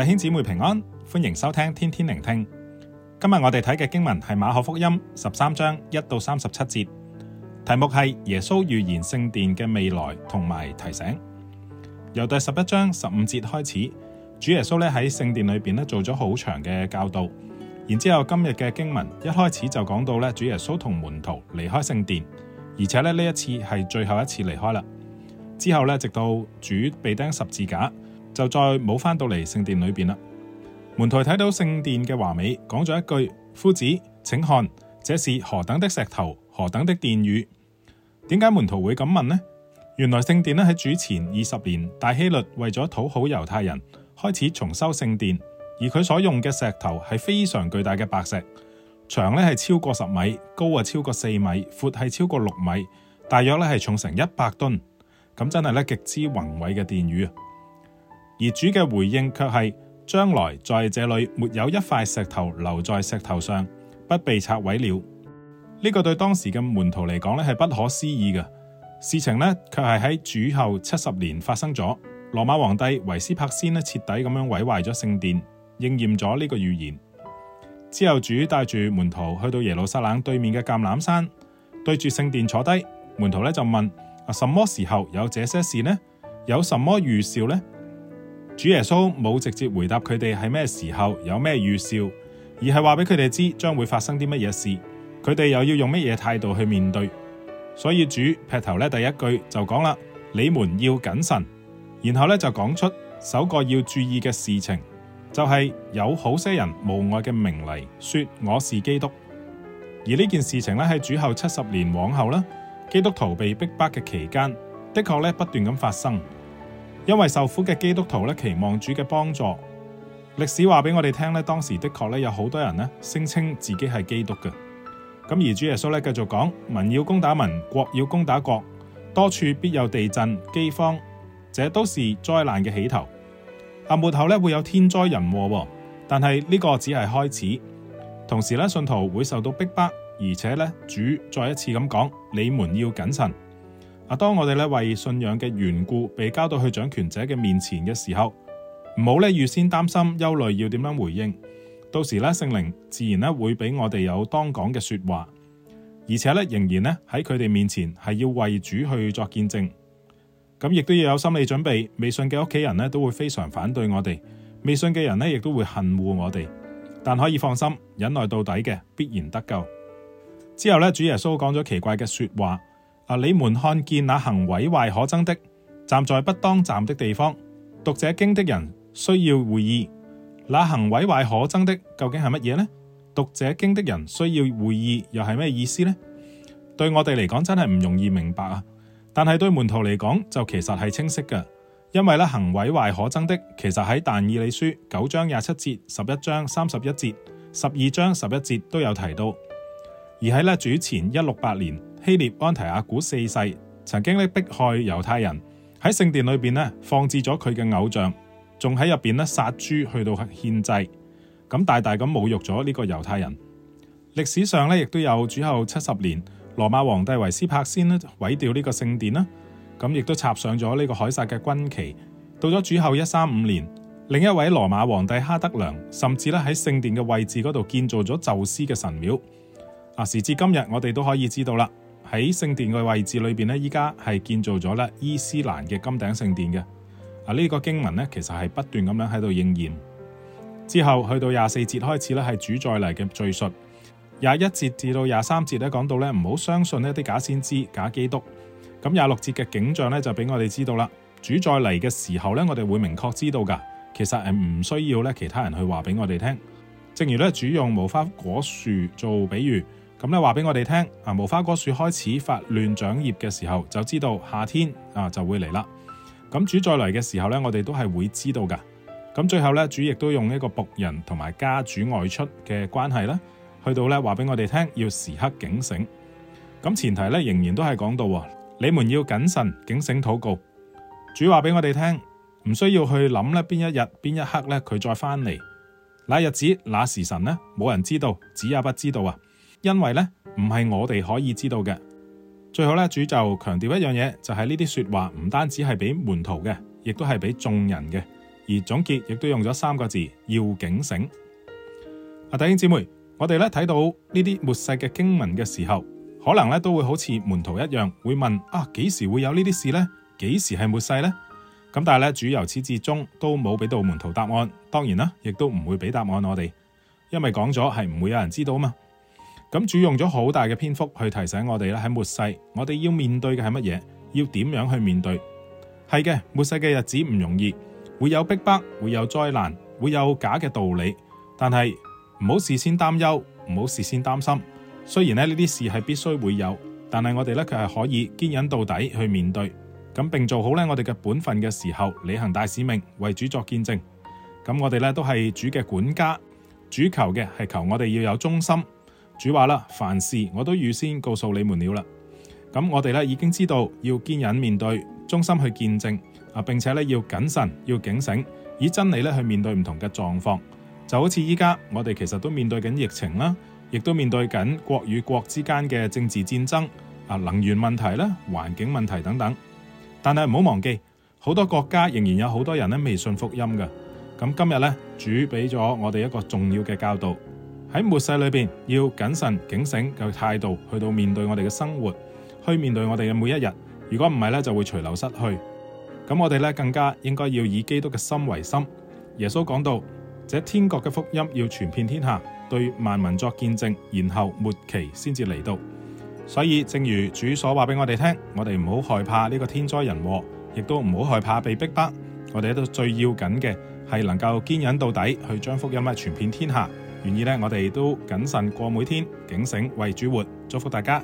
弟兄姊妹平安，歡迎收聽天天靈聽。今日我哋睇嘅經文係馬可福音十三章一到三十七節，題目係耶穌預言聖殿嘅未來同埋提醒。由第十一章十五節開始，主耶穌咧喺聖殿裏邊咧做咗好長嘅教導。然之後今日嘅經文一開始就講到咧，主耶穌同門徒離開聖殿，而且咧呢一次係最後一次離開啦。之後咧直到主被釘十字架，.就再冇返到嚟聖殿裏邊啦。門徒睇到聖殿嘅華美，講咗一句：「夫子，請看，這是何等的石頭，何等的殿宇！點解門徒會咁問呢？原來聖殿呢喺主前二十年，大希律為咗討好猶太人，開始重修聖殿，而佢所用嘅石頭係非常巨大嘅白石，長呢係超過十米，高啊超過四米，闊係超過六米，大約咧係重成一百噸，咁真係咧極之宏偉嘅殿宇啊！而主嘅回應卻係：將來在這裡沒有一塊石頭留在石頭上，不被拆毀了。呢、這個對當時嘅門徒嚟講咧係不可思議嘅事情呢，卻係喺主後七十年發生咗。羅馬皇帝維斯帕先咧徹底咁樣毀壞咗聖殿，應驗咗呢個預言。之後，主帶住門徒去到耶路撒冷對面嘅橄欖山，對住聖殿坐低，門徒呢就問：啊，什麼時候有這些事呢？有什麼預兆呢？主耶穌冇直接回答佢哋係咩時候有咩預兆，而係話俾佢哋知將會發生啲乜嘢事，佢哋又要用乜嘢態度去面對。所以主劈頭咧第一句就講啦：你們要謹慎。然後咧就講出首個要注意嘅事情，就係、是、有好些人冒我嘅名嚟，說我是基督。而呢件事情咧喺主後七十年往後啦，基督徒被逼迫嘅期間，的確咧不斷咁發生。因為受苦嘅基督徒咧期望主嘅幫助，歷史話俾我哋聽咧，當時的確咧有好多人咧聲稱自己係基督嘅。咁而主耶穌咧繼續講，民要攻打民，國要攻打國，多處必有地震、饑荒，這都是災難嘅起頭。啊，末後咧會有天災人禍，但係呢個只係開始。同時咧，信徒會受到逼迫，而且咧主再一次咁講，你們要謹慎。啊！當我哋咧為信仰嘅緣故被交到去掌權者嘅面前嘅時候，唔好咧預先擔心憂慮要點樣回應，到時咧聖靈自然咧會俾我哋有當講嘅說話，而且咧仍然咧喺佢哋面前係要為主去作見證，咁亦都要有心理準備，未信嘅屋企人咧都會非常反對我哋，未信嘅人咧亦都會恨惡我哋，但可以放心，忍耐到底嘅必然得救。之後咧，主耶穌講咗奇怪嘅說話。啊！你們看見那行毀壞可憎的，站在不當站的地方。讀這經的人須要會意。那行毀壞可憎的究竟係乜嘢呢？讀這經的人須要會意又係咩意思呢？對我哋嚟講真係唔容易明白啊！但係對門徒嚟講就其實係清晰嘅，因為咧行毀壞可憎的其實喺《但以理書》九章廿七節、十一章三十一節、十二章十一節都有提到，而喺咧主前一六八年。希臘安提亞古四世曾經咧迫害猶太人喺聖殿裏邊咧放置咗佢嘅偶像，仲喺入邊咧殺豬去到獻祭，咁大大咁侮辱咗呢個猶太人。歷史上咧，亦都有主後七十年羅馬皇帝維斯帕先咧毀掉呢個聖殿啦，咁亦都插上咗呢個凱撒嘅軍旗。到咗主後一三五年，另一位羅馬皇帝哈德良甚至咧喺聖殿嘅位置嗰度建造咗宙斯嘅神廟。啊，時至今日，我哋都可以知道啦。喺聖殿嘅位置裏邊咧，依家係建造咗咧伊斯蘭嘅金頂聖殿嘅。啊，呢個經文咧，其實係不斷咁樣喺度應驗。之後去到廿四節開始咧，係主再嚟嘅敘述。廿一節至到廿三節咧，講到咧唔好相信呢啲假先知、假基督。咁廿六節嘅景象咧，就俾我哋知道啦。主再嚟嘅時候咧，我哋會明確知道噶。其實係唔需要咧其他人去話俾我哋聽。正如咧主用無花果樹做比喻。咁咧，話俾我哋聽，啊，無花果樹開始發嫩長葉嘅時候，就知道夏天啊就會嚟啦。咁主再嚟嘅時候呢，我哋都係會知道噶。咁最後呢，主亦都用一個僕人同埋家主外出嘅關係呢，去到呢話俾我哋聽，要時刻警醒。咁前提呢，仍然都係講到，你們要謹慎警醒，禱告。主話俾我哋聽，唔需要去諗呢邊一日邊一刻呢，佢再翻嚟，那日子那時辰呢，冇人知道，子也不知道啊。因為咧唔係我哋可以知道嘅。最後咧，主就強調一樣嘢，就係呢啲說話唔單止係俾門徒嘅，亦都係俾眾人嘅。而總結亦都用咗三個字，要警醒啊！弟兄姊妹，我哋咧睇到呢啲末世嘅經文嘅時候，可能咧都會好似門徒一樣會問：啊，幾時會有呢啲事呢？幾時係末世呢？咁但係咧，主由始至終都冇俾到門徒答案，當然啦，亦都唔會俾答案我哋，因為講咗係唔會有人知道啊嘛。咁主用咗好大嘅篇幅去提醒我哋咧，喺末世我哋要面對嘅係乜嘢？要點樣去面對？係嘅，末世嘅日子唔容易，會有逼迫，會有災難，會有假嘅道理。但係唔好事先擔憂，唔好事先擔心。雖然咧呢啲事係必須會有，但係我哋咧佢係可以堅忍到底去面對。咁並做好咧我哋嘅本分嘅時候，履行大使命，為主作見證。咁我哋咧都係主嘅管家，主求嘅係求我哋要有忠心。主話啦，凡事我都預先告訴你們了啦。咁我哋咧已經知道要堅忍面對，忠心去見證啊，並且咧要謹慎，要警醒，以真理咧去面對唔同嘅狀況。就好似依家我哋其實都面對緊疫情啦，亦都面對緊國與國之間嘅政治戰爭啊，能源問題啦，環境問題等等。但係唔好忘記，好多國家仍然有好多人咧未信福音嘅。咁今日咧，主俾咗我哋一個重要嘅教導。喺末世裏邊，要謹慎警醒嘅態度去到面對我哋嘅生活，去面對我哋嘅每一日。如果唔係咧，就會隨流失去。咁我哋咧更加應該要以基督嘅心為心。耶穌講到：「這天國嘅福音要傳遍天下，對萬民作見證，然後末期先至嚟到。」所以，正如主所話俾我哋聽，我哋唔好害怕呢個天災人禍，亦都唔好害怕被逼迫。我哋喺度最要緊嘅係能夠堅忍到底，去將福音咧傳遍天下。願意呢我哋都謹慎過每天，警醒為主活，祝福大家。